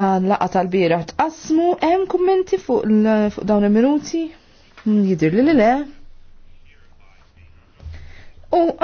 laqa tal-bira tqasmu hemm kummenti fuq dawn il-minuti jidir li le. U